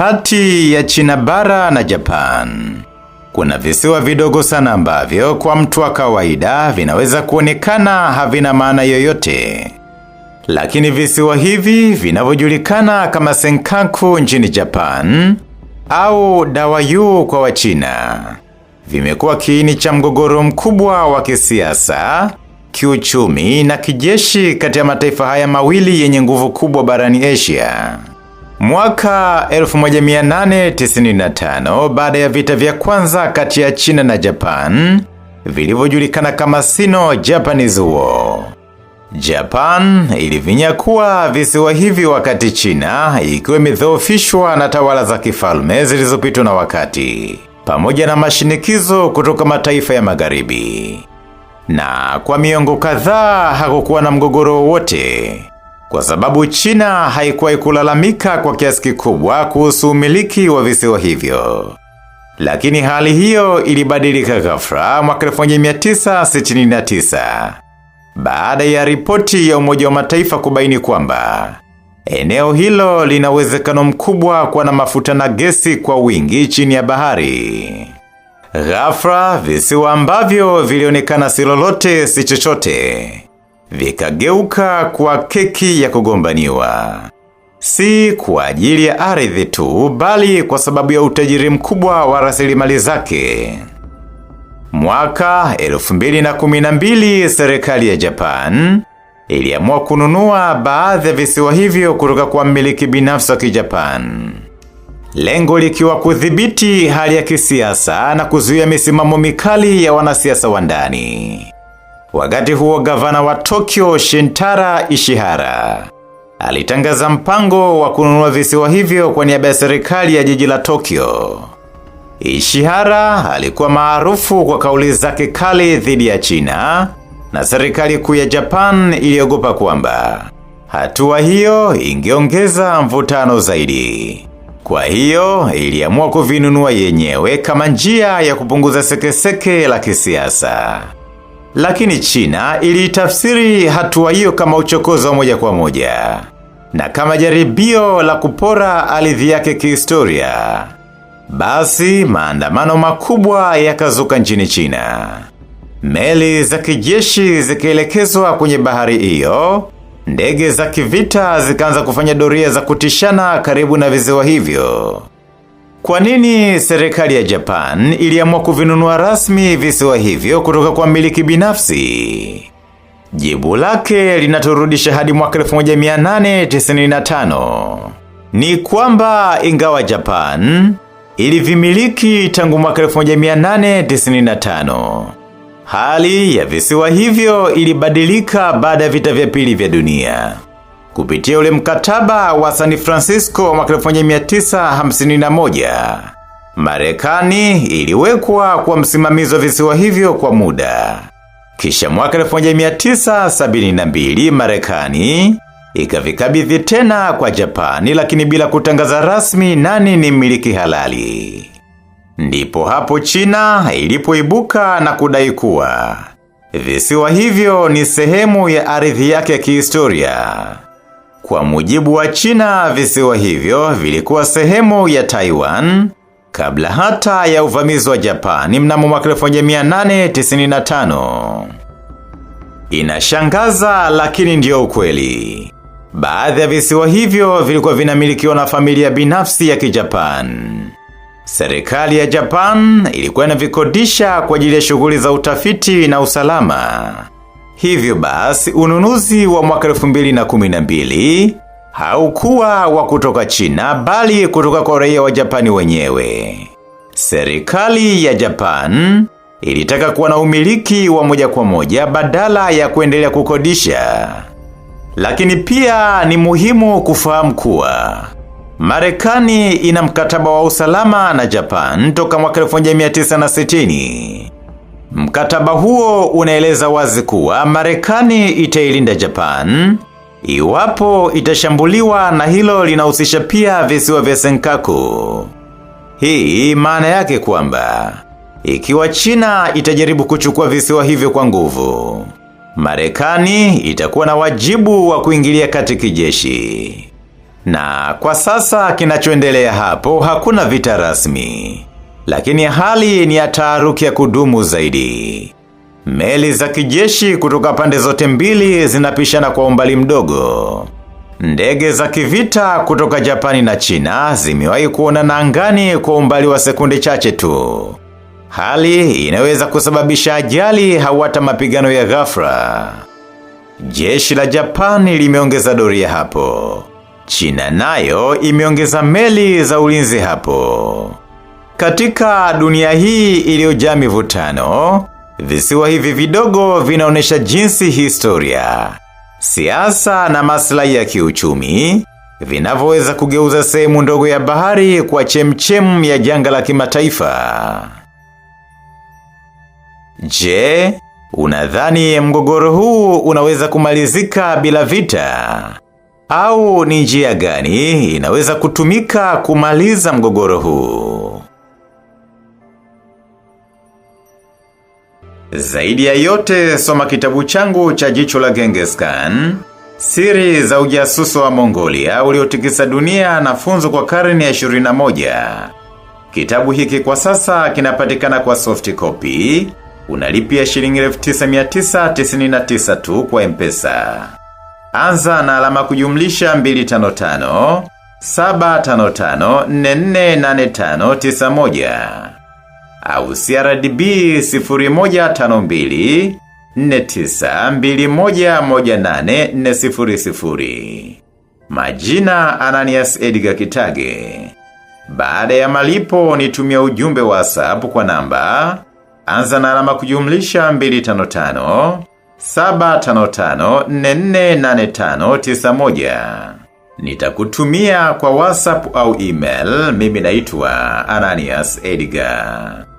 Kati ya China bara na Japan kuna visiwa vidogo sana ambavyo kwa mtu wa kawaida vinaweza kuonekana havina maana yoyote, lakini visiwa hivi vinavyojulikana kama Senkaku nchini Japan au Dawayu kwa Wachina vimekuwa kiini cha mgogoro mkubwa wa kisiasa, kiuchumi na kijeshi kati ya mataifa haya mawili yenye nguvu kubwa barani Asia. Mwaka 1895 baada ya vita vya kwanza kati ya China na Japan vilivyojulikana kama Sino Japanese War, Japan ilivinyakuwa visiwa hivi wakati China ikiwa imedhoofishwa na tawala za kifalme zilizopitwa na wakati pamoja na mashinikizo kutoka mataifa ya magharibi, na kwa miongo kadhaa hakukuwa na mgogoro wowote kwa sababu China haikuwahi kulalamika kwa kiasi kikubwa kuhusu umiliki wa visiwa hivyo. Lakini hali hiyo ilibadilika ghafla mwaka 1969 baada ya ripoti ya Umoja wa Mataifa kubaini kwamba eneo hilo lina uwezekano mkubwa kuwa na mafuta na gesi kwa wingi chini ya bahari. Ghafla visiwa ambavyo vilionekana si lolote si chochote vikageuka kwa keki ya kugombaniwa, si kwa ajili ya ardhi tu, bali kwa sababu ya utajiri mkubwa wa rasilimali zake. Mwaka 2012 serikali ya Japan iliamua kununua baadhi ya visiwa hivyo kutoka kwa mmiliki binafsi wa Kijapan, lengo likiwa kudhibiti hali ya kisiasa na kuzuia misimamo mikali ya wanasiasa wa ndani. Wakati huo gavana wa Tokyo Shintara Ishihara alitangaza mpango wa kununua visiwa hivyo kwa niaba ya serikali ya jiji la Tokyo. Ishihara alikuwa maarufu kwa kauli zake kali dhidi ya China na serikali kuu ya Japan iliogopa kwamba hatua hiyo ingeongeza mvutano zaidi. Kwa hiyo iliamua kuvinunua yenyewe kama njia ya kupunguza sekeseke la kisiasa lakini China iliitafsiri hatua hiyo kama uchokozi wa moja kwa moja na kama jaribio la kupora ardhi yake kihistoria. Basi maandamano makubwa yakazuka nchini China, meli za kijeshi zikielekezwa kwenye bahari hiyo, ndege za kivita zikaanza kufanya doria za kutishana karibu na visiwa hivyo, kwa nini serikali ya Japan iliamua kuvinunua rasmi visiwa hivyo kutoka kwa miliki binafsi? Jibu lake linaturudisha hadi mwaka 1895. Ni kwamba ingawa Japan ilivimiliki tangu mwaka 1895, hali ya visiwa hivyo ilibadilika baada ya vita vya pili vya dunia kupitia ule mkataba wa San Francisco mwaka 1951. Marekani iliwekwa kwa msimamizi wa visiwa hivyo kwa muda. Kisha mwaka 1972 Marekani ikavikabidhi tena kwa Japani, lakini bila kutangaza rasmi nani ni mmiliki halali. Ndipo hapo China ilipoibuka na kudai kuwa visiwa hivyo ni sehemu ya ardhi yake ya kihistoria. Kwa mujibu wa China, visiwa hivyo vilikuwa sehemu ya Taiwan kabla hata ya uvamizi wa Japani mnamo mwaka 1895. Inashangaza lakini ndiyo ukweli. Baadhi ya visiwa hivyo vilikuwa vinamilikiwa na familia binafsi ya Kijapan. Serikali ya Japan ilikuwa inavikodisha kwa ajili ya shughuli za utafiti na usalama. Hivyo basi ununuzi wa mwaka mbili haukuwa wa kutoka China bali kutoka kwa raia wa Japani wenyewe. Serikali ya Japan ilitaka kuwa na umiliki wa moja kwa moja badala ya kuendelea kukodisha. Lakini pia ni muhimu kufahamu kuwa Marekani ina mkataba wa usalama na Japan toka mwaka 1960. Mkataba huo unaeleza wazi kuwa Marekani itailinda Japan iwapo itashambuliwa, na hilo linahusisha pia visiwa vya Senkaku. Hii maana yake kwamba ikiwa China itajaribu kuchukua visiwa hivyo kwa nguvu, Marekani itakuwa na wajibu wa kuingilia kati kijeshi. Na kwa sasa kinachoendelea hapo, hakuna vita rasmi lakini hali ni ya taharuki ya kudumu zaidi. Meli za kijeshi kutoka pande zote mbili zinapishana kwa umbali mdogo. Ndege za kivita kutoka Japani na China zimewahi na angani kwa umbali wa sekunde chache tu, hali inaweza kusababisha ajali hawata mapigano ya ghafra Jeshi la Japani limeongeza doria hapo. China nayo imeongeza meli za ulinzi hapo. Katika dunia hii iliyojaa mivutano, visiwa hivi vidogo vinaonyesha jinsi historia, siasa na maslahi ya kiuchumi vinavyoweza kugeuza sehemu ndogo ya bahari kwa chemchemu ya janga la kimataifa. Je, unadhani mgogoro huu unaweza kumalizika bila vita? Au ni njia gani inaweza kutumika kumaliza mgogoro huu? Zaidi ya yote soma kitabu changu cha jicho la Genghis Khan, siri za ujasusi wa Mongolia uliotikisa dunia na funzo kwa karne ya 21. Kitabu hiki kwa sasa kinapatikana kwa soft copy, unalipia shilingi 9999 tu kwa Mpesa. Anza na alama kujumlisha 255 755 448591 au CRDB 0152 49211840. Majina Ananias Edgar Kitage. Baada ya malipo tumia ujumbe WhatsApp kwa namba anza na alama kujumlisha 255 755 448591. Nitakutumia kwa WhatsApp au email. Mimi naitwa Ananias Edgar.